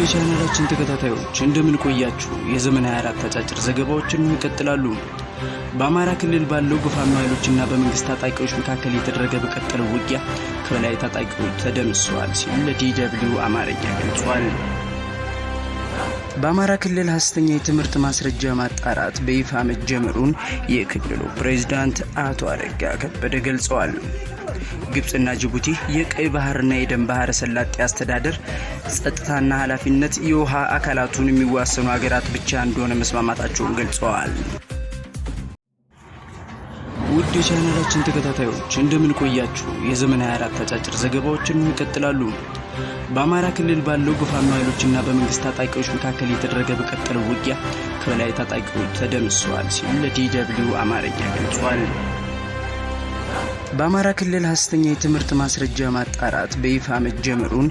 የኢትዮ ቻናላችን ተከታታዮች እንደምን ቆያችሁ? የዘመን 24 አጫጭር ዘገባዎችን ይቀጥላሉ። በአማራ ክልል ባለው በፋኖ ኃይሎችና በመንግስት ታጣቂዎች መካከል የተደረገ በቀጠለው ውጊያ ከበላይ ታጣቂዎች ተደምሰዋል ሲል ለዲ ደብልዩ አማርኛ ገልጿል። በአማራ ክልል ሐሰተኛ የትምህርት ማስረጃ ማጣራት በይፋ መጀመሩን የክልሉ ፕሬዝዳንት አቶ አረጋ ከበደ ገልጸዋል። ግብፅና ጅቡቲ የቀይ ባህርና የደን ባህረ ሰላጤ አስተዳደር ጸጥታና ኃላፊነት የውሃ አካላቱን የሚዋሰኑ ሀገራት ብቻ እንደሆነ መስማማታቸውን ገልጸዋል። ውድ የቻናላችን ተከታታዮች እንደምን ቆያችሁ? የዘመን 24 አጫጭር ዘገባዎችን ይቀጥላሉ። በአማራ ክልል ባለው በፋኖ ኃይሎችና በመንግስት ታጣቂዎች መካከል የተደረገ በቀጠለው ውጊያ ከበላይ ታጣቂዎች ተደምሰዋል ሲሉ ለዲደብልዩ አማርኛ ገልጿል። በአማራ ክልል ሐሰተኛ የትምህርት ማስረጃ ማጣራት በይፋ መጀመሩን